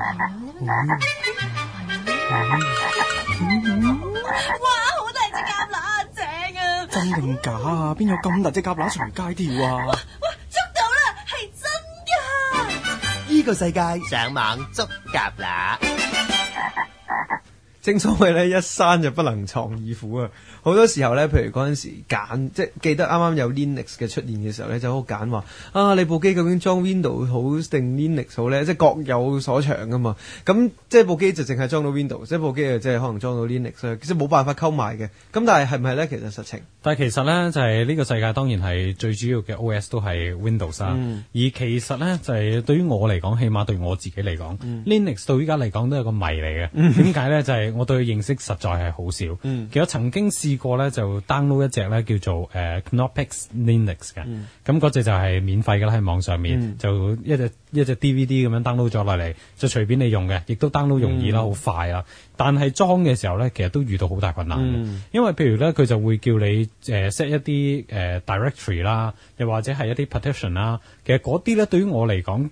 嗯嗯嗯、哇！好大隻蛤乸正啊！ 真定假啊？邊有咁大隻蛤乸隨街跳啊？哇！捉到啦，係真噶！呢個世界上網捉蛤乸。正所謂咧，一山就不能藏二虎啊！好多時候咧，譬如嗰陣時揀，即係記得啱啱有 Linux 嘅出現嘅時候咧，就好揀話啊，你部機究竟裝 Windows 好定 Linux 好咧？即係各有所長㗎嘛。咁即係部機就淨係裝到 Windows，即部機就即係可能裝到 Linux，即係冇辦法溝埋嘅。咁但係係唔係咧？其實實情。但係其實咧，就係、是、呢個世界當然係最主要嘅 OS 都係 Windows 啦、啊。嗯、而其實咧，就係、是、對於我嚟講，起碼對我自己嚟講、嗯、，Linux 到依家嚟講都係個謎嚟嘅。點解咧？就係、是我對佢認識實在係好少，嗯、其實曾經試過咧就 download 一隻咧叫做誒、uh, Knoppix Linux 嘅，咁嗰、嗯、隻就係免費嘅啦喺網上面，嗯、就一隻一隻 DVD 咁樣 download 咗落嚟，就隨便你用嘅，亦都 download 容易啦，好、嗯、快啦、啊。但係裝嘅時候咧，其實都遇到好大困難，嗯、因為譬如咧佢就會叫你誒 set、呃、一啲誒、呃、directory 啦，又或者係一啲 partition 啦，其實嗰啲咧對於我嚟講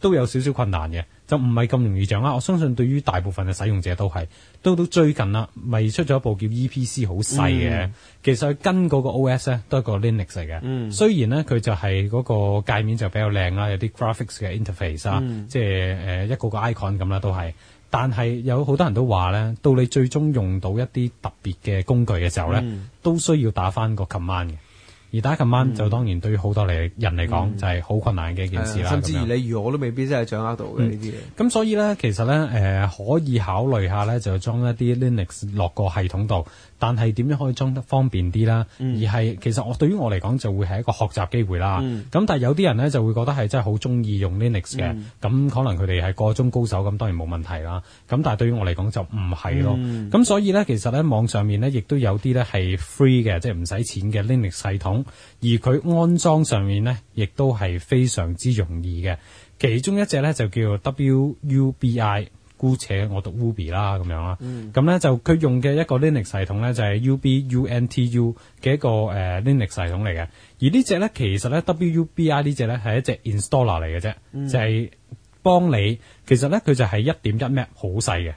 都有少少困難嘅。就唔係咁容易掌握。我相信對於大部分嘅使用者都係，到到最近啦，咪出咗一部叫 EPC，好細嘅。嗯、其實佢跟嗰個 OS 咧都係個 Linux 嚟嘅。雖然咧佢就係嗰個界面就比較靚啦，有啲 graphics 嘅 interface 啊，嗯、即係誒、呃、一個一個 icon 咁啦，都係，但係有好多人都話咧，到你最終用到一啲特別嘅工具嘅時候咧，嗯、都需要打翻個 command 嘅。而打今晚就當然對於好多嚟人嚟講就係好困難嘅一件事啦。甚至於你我都未必真係掌握到嘅呢啲嘢。咁所以咧，其實咧，誒可以考慮下咧，就裝一啲 Linux 落個系統度。但係點樣可以裝得方便啲啦？而係其實我對於我嚟講就會係一個學習機會啦。咁但係有啲人咧就會覺得係真係好中意用 Linux 嘅。咁可能佢哋係個中高手，咁當然冇問題啦。咁但係對於我嚟講就唔係咯。咁所以咧，其實咧網上面咧亦都有啲咧係 free 嘅，即係唔使錢嘅 Linux 系統。而佢安裝上面呢，亦都係非常之容易嘅。其中一隻呢，就叫 WUBI，姑且我讀 Wubi 啦咁樣啦。咁、嗯、呢，就佢用嘅一個 Linux 系統呢，就係、是、Ubuntu 嘅一個誒、呃、Linux 系統嚟嘅。而呢隻呢，其實呢 WUBI 呢隻呢，係一隻 Installer 嚟嘅啫，嗯、就係幫你。其實呢，佢就係一點一 Mbps 好細嘅。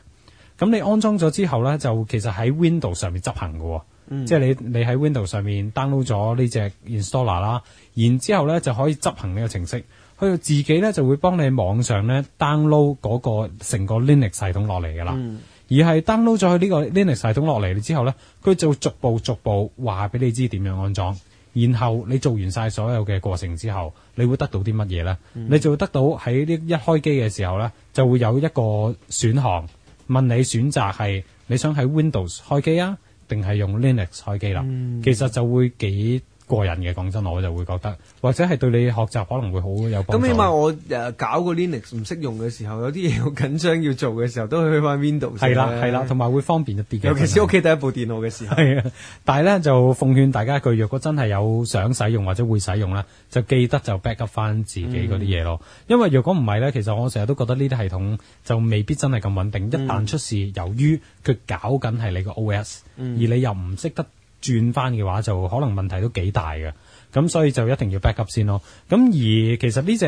咁你安裝咗之後呢，就其實喺 Window 上面執行嘅、哦。即係你，你喺 Windows 上面 download 咗呢隻 installer 啦，然之後咧就可以執行呢個程式。佢自己咧就會幫你網上咧 download 嗰個成個 Linux 系統落嚟噶啦。嗯、而係 download 咗去呢個 Linux 系統落嚟之後咧，佢就會逐步逐步話俾你知點樣安裝。然後你做完晒所有嘅過程之後，你會得到啲乜嘢咧？嗯、你就會得到喺呢一開機嘅時候咧，就會有一個選項問你選擇係你想喺 Windows 開機啊。定係用 Linux 開機啦， 其實就會幾，過人嘅，講真我就會覺得，或者係對你學習可能會好有幫助。咁起碼我誒搞個 Linux 唔識用嘅時候，有啲嘢好緊張要做嘅時候，都去翻 Windows 的。係啦係啦，同埋的的會方便一啲嘅。尤其是屋企第一部電腦嘅時候。係啊，但係咧就奉勸大家一句，若果真係有想使用或者會使用咧，就記得就 backup 翻自己嗰啲嘢咯。嗯、因為若果唔係咧，其實我成日都覺得呢啲系統就未必真係咁穩定。嗯、一旦出事，由於佢搞緊係你個 OS，而你又唔識得。轉翻嘅話就可能問題都幾大嘅，咁所以就一定要 backup 先咯。咁而其實呢隻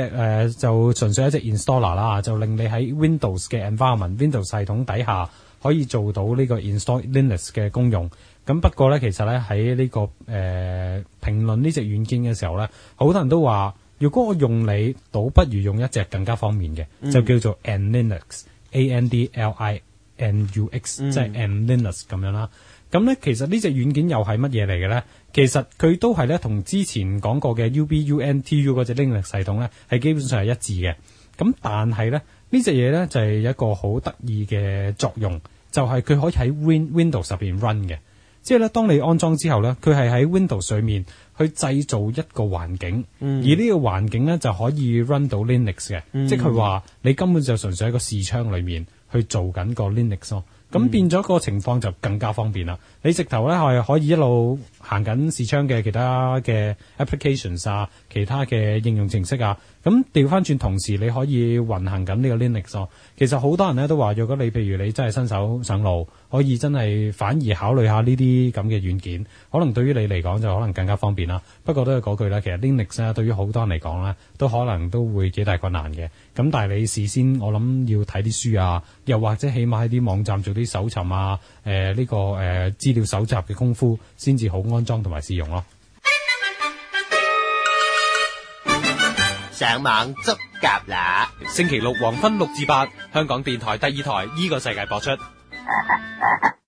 誒就純粹一隻 installer 啦，就令你喺 Windows 嘅 environment、Windows 系統底下可以做到呢個 install Linux 嘅功用。咁不過咧，其實咧喺呢、呢個誒、呃、評論呢隻軟件嘅時候咧，好多人都話，如果我用你，倒不如用一隻更加方便嘅，嗯、就叫做 And Linux，A N D L I N U X，、嗯、即係 And Linux 咁樣啦。咁咧，其實呢隻軟件又係乜嘢嚟嘅咧？其實佢都係咧，同之前講過嘅 Ubuntu 嗰隻 Linux 系統咧，係基本上係一致嘅。咁但係咧，呢隻嘢咧就係一個好得意嘅作用，就係、是、佢可以喺 Win Windows 上面 run 嘅。即係咧，當你安裝之後咧，佢係喺 Windows 上面去製造一個環境，嗯、而呢個環境咧就可以 run 到 Linux 嘅。嗯、即係佢話，你根本就純粹喺個視窗裡面去做緊個 Linux 咯。咁變咗個情況就更加方便啦！你直頭咧係可以一路，行緊視窗嘅其他嘅 applications 啊，其他嘅應用程式啊，咁調翻轉同時你可以運行緊呢個 Linux 咯、啊。其實好多人呢都話，如果你譬如你真係新手上路，可以真係反而考慮下呢啲咁嘅軟件，可能對於你嚟講就可能更加方便啦。不過都係嗰句啦，其實 Linux 咧、啊、對於好多人嚟講呢，都可能都會幾大困難嘅。咁但係你事先我諗要睇啲書啊，又或者起碼喺啲網站做啲搜尋啊，誒、呃、呢、這個誒、呃、資料搜集嘅功夫先至好。安裝同埋試用咯，上網捉蛤啦！星期六黃昏六至八，香港電台第二台 e 個世界播出。